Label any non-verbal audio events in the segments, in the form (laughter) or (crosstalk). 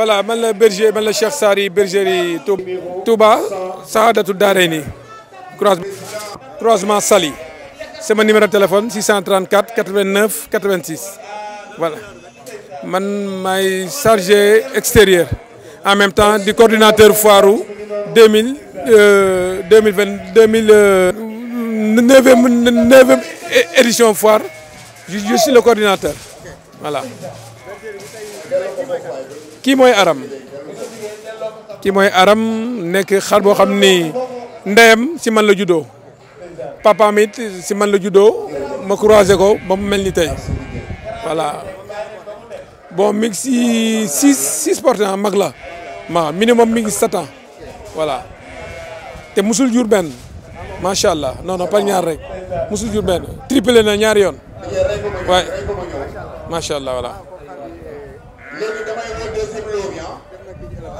voilà man la berger man la Cheikh bergerie Touba Sahadatou croisement Sali. c'est mon numéro de téléphone 634 89 86 voilà Je suis chargé extérieur en même temps du coordinateur foiru 2000 2020 2000 2009 édition foire je suis le coordinateur voilà kii mooy aram kii mooy aram nekk xar boo xam ni ndeyam si man la juddoo papaam it si man la juddoo ma croisé ko ba mu mel ni tey voilà bon mi ngi si six six portant ah, mag la ma minimum mi ngi sept voilà te musul jur benn macha allah non non ñaar rek musul jur benn triplé na ñaari yoon waaye macha allah voilà.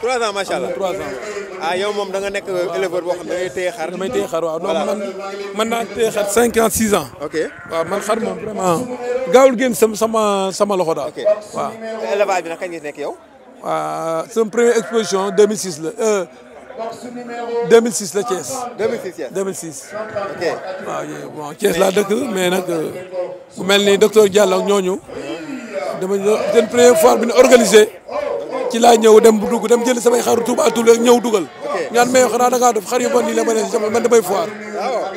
trois ans macha allah trois ans ah yow mom da nga nek éleveur bo xam ne da ngay téye xar. damay téye xar waaw non man man naa téye xar cinq ans six ans. ok waaw man xar mom vraiment gawul génn sama sama sama loxo da ok waaw. élevage bi nak kañ nga nek yow. waaw sama première exposition 2006 le euh 2006 la Thiès. 2006 Thiès 2006. ok waaw bon Thiès la dëkk mais nag bu euh, mel ni docteur Diallo ak ñooñu. dama jël seen première foire bi ñu organisé. ci laa ñëw dem bu dugg dem jël samay xaru Touba Toul ñëw dugal ñaan mais xanaa da ngaa def xar yu bon nii la ma ne man damay foire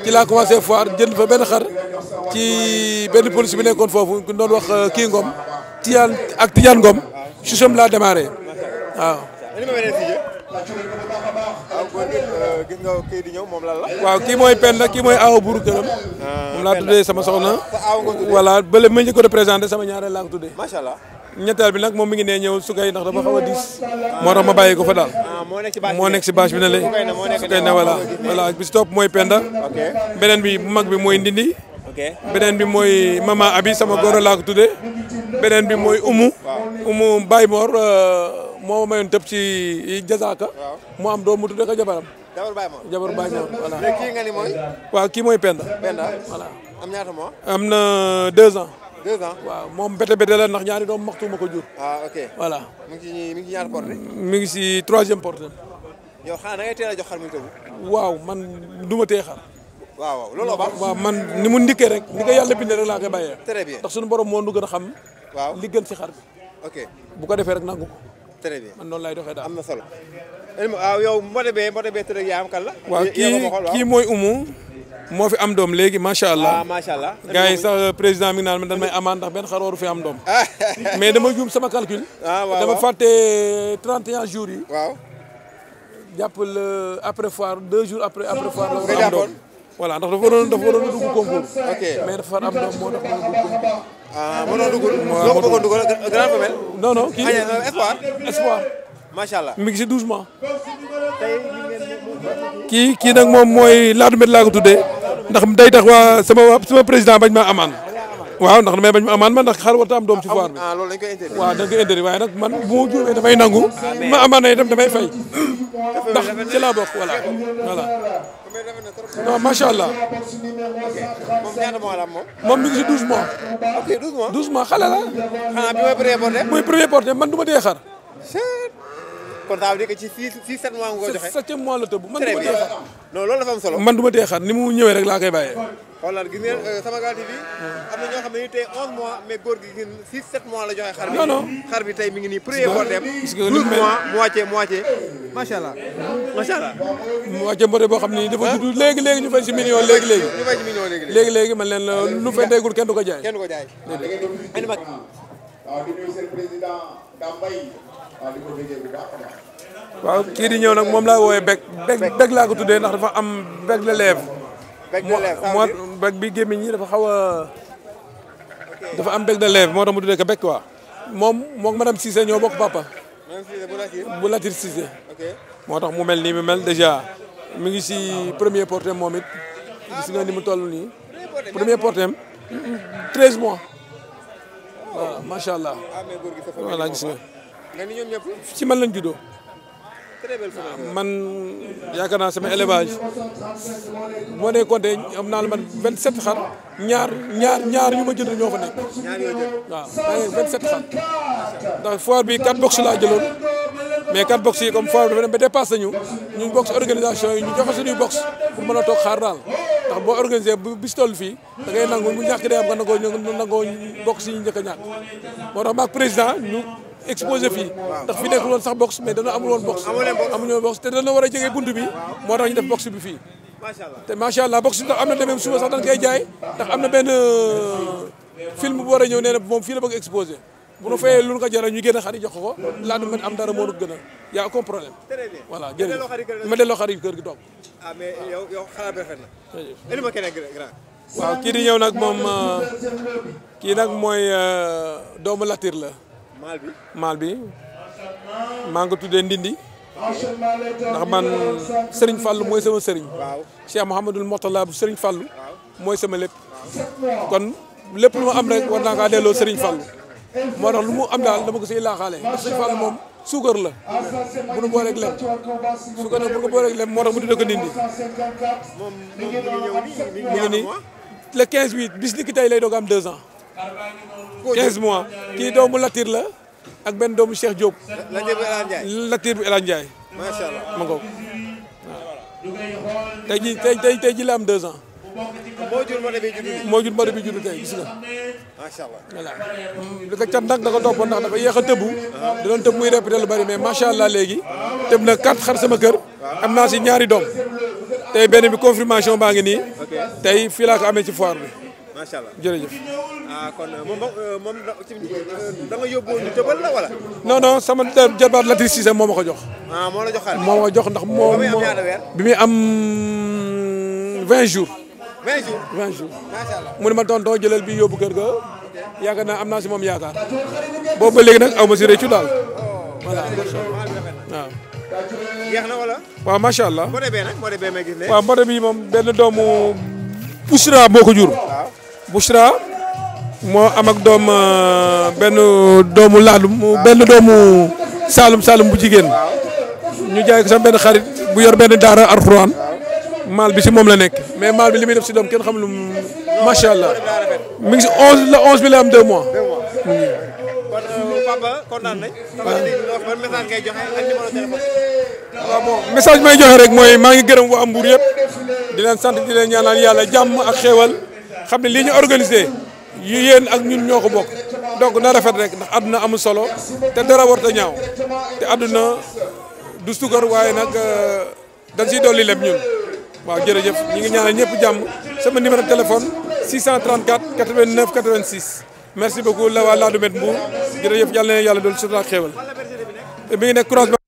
ci laa commencé foire jënd fa benn xar ci benn police bi nekkoon foofu ku doon wax euh, kii Ngom Tidiane ak Tidiane Ngom susam laa démarré waaw ah, euh, gis nga kii di ñëw moom la. waaw kii mooy pen la kii mooy awa buuru këram. Ah, moom laa tuddee sama soxna. te awa nga tuddee voilà bële ma ñu ko sama ñaareel laa tuddee. macha allah. ñetteel bi nag moom mi ngi ne ñëw su kay ndax dafa xaw a diis moo tax ma bàyyi ko fa daal ah, moo nekk si bâche bi ne la su kay ne voilà voilà bi si topp mooy Penda beneen bi bu mag bi mooy Ndindi beneen bi mooy Mama Abi sama góor laa ko tuddee bi mooy Umu Umu Baye Mor euh, moo mayoon tëb ci jasaaka mu am doom mu tuddee ka jabaram jabar Baye Mor jabar mooy waaw kii mooy Penda Penda am am na deux ans deux ans waaw moom bete bete la ndax ñaari doom maxtu ko jur. ah ok mi ngi si troisième porte yow xanaa a jox xar muy tëbu. waaw man du ma tee xar. waaw waaw looloo baax. man ni mu ndikkee rek. ni ko yàlla bindee rek laa koy bàyyee. très ndax suñu borom moo nu gën a xam. waaw li gën si xar bi. bu ko defee rek nangu ko. très bien man noonu lay doxee daal am na solo. Ah, yow mbote bee mbote bee tërëg yaa am kan la. waaw kii kii mooy umu. Je fi am dom léegi machallah ah macha gars euh, président man may ndax ben fi am dom ah. (laughs) mais dama joom sama calcul. Ah, dama faté 31 euh, jours waaw. le euh, après foire deux jours après après foire En voilà ndax dafa don dafa don concours. ok mais dafa am ah grand non non Un ah, espoir. espoir. machallah allah mi ngi douze mois. Qui, qui ko ndax day tax waa sama sama président bañ ma amaan waaw ndax damay bañ ma amaan ma ndax xar warta am doom ci foire bi ah, waaw dañ koy interdit man bu ma juumee damay nangu ma amaan na itam damay fay ndax ci laa bokk voilà voilà non macha allah moom ñaata mois la am moom. moom mi ngi si douze mois. ok douze mois douze mois xale la. premier porté. man du ma dee xar. kon ça veut dire mois nga joxe. septième mois la tëbb man du ma tee xaar. non loolu dafa am ni mu ñëwee rek laa koy bàyyee. xoolal euh, na ñoo xam mais góor gi ngeen 6 7 mois la xar bi. non non mi ngi nii premier bordem. parce que 12 mois moitié moitié allah macha allah. moitié boo xam ni dafa gudd léegi léegi léegi ñu fay si million léegi léegi. léegi léegi man leen la euh, lu fay déggul kenn du ko jaay. kenn du ko jaay. waaw kii di ñëw nag moom laa wooyee bek bek beg laa ko tuddee ndax dafa am bek bek lèvre moo bek bi gémmiñ ñi dafa xaw a dafa am bek de lèvre moo tax mu tuddee ko bek quoi moom mook madame Cissé ñoo bokk papa bu Latir Cissé moo tax mu mel nii mu mel déjà mi ngi si premier portem moom it gis nga ni mu toll nii premier portem 13 mois waaw macha allah ah, voilà gis nga nga ni ci man lañ juddoo. très ah, man yaakaar naa sama élevage moo ne compté am naa la man 27 xar ñaar ñaar ñaar ñu ma jënd ñoo fa nekk. ñaar yoo jënd waaw maa ngi 27 xar. ndax foire bi 4 box laa jëloon mais 4 box yi comme foire dafa dem ba dépassé ñu ñu box organisation yi ñu joxe suñuy box pour mën a toog xaar daal ndax boo organisé bu bis toll fii da ngay nangu mu ñàkk day am nga nangoo ñu nangoo box yi ñu njëkk a ñàkk moo tax maag président exposé fii ndax fi nekkul woon sax box mais dana amul woon box amuñu woon box te dana war a jege bunt bi moo tax ñu def box bi fii te macha allah box bi ndax am na demee suba sax dañ koy jaay ndax am na benn euh, film bu war a ñëw nee bu moom fii la bëgg exposé bu nu fayee lu nu ko ñu génn xar yi jox ko laa du am dara moo nu gën a y' a aucun problème voilà jërëjëf ma delloo xar yi kër gi toog ah mais yow yow xalaat na. jërëjëf ma keneen grand. waaw kii di nag moom euh, kii nag mooy euh, doomu latir la. malbi malbi Malbi. Malbi. Malbi. Malbi. Malbi. Malbi. ndindi ndax man Serigne Fallou Malbi. sama Serigne. Malbi. Cheikh Malbi. Malbi. bu Serigne Fallou. Malbi. sama Malbi. kon Malbi. lu Malbi. am rek war Malbi. Malbi. Malbi. Serigne Fallou. Malbi. tax lu mu am daal dama ko siy laaxaale ndax Serigne Fallou moom suukar la. bu nu booleeg lem suukar la bu ko booleeg lem moo tax mu ko ndindi. le 15 8 bis ni ki tey lay am 2 ans. 15 mois kii doomu latiir la ak benn doomu Cheikh Diop. Latir bu El Hadj Ndiaye Latir bu El Hadj Ndiaye. macha allah ma ngoog waaw. tey jii tey tey la am 2 moo jur mën bi juddu tey moo jur mën a bi juddu tey gis nga. macha allah voilà. ko cat nag da ko toppoon dafa yéex a tëbbu. Uh-huh. da doon tëb muy répété lu bari mais macha allah léegi. tëb na quatre xar sama kër. Uh-huh. am naa si ñaari doom. tey benn bi confirmation baa ngi nii. tey fii laa amee ci foir bi. macha allah jërëjëf. ah kon euh, moom euh, euh, sama jabaar Latir Cissé moo ma ko jox. Ah, la jox jox ndax moo bi muy am 20 jours. 20 jours mu ne ma tonton jëlal bi yóbbu kër ga yaakaar naa am naa si moom yaakaar boobu ba léegi nag aw ma si réccu daal oh, voilà macha allah waaw. jeex na wala. moom benn doomu. Ousra moo jur. Bouchra moo am doom euh, benn doomu Laalum benn doomu Saalum Saalum bu jigéen ñu jaay ko sama benn xarit bu yor benn daara alxuraan maal bi si moom la nekk mais maal bi li muy def si doom kenn xam lu macha allah mi onze la bi la am deux mois. Mm. Euh, message may joxe rek mooy maa ngi gërëm waa Mbour yëpp di leen sant di yàlla jàmm ak xéewal xam ne lii ñu organisé yéen ak ñun ñoo ko bokk donc na rafet rek ndax àdduna am solo te dara warta ñaaw te àdduna du sukar waaye nag euh, dañ siy dolli leb ñun waaw jërëjëf ñu ngi ñaanal ñëpp jàmm sama numéro téléphone 634 89 86 merci beaucoup la waa Ladoumène Mbour jërëjëf yàlla na yàlla dool sutura xéewal mi ngi nekk croisement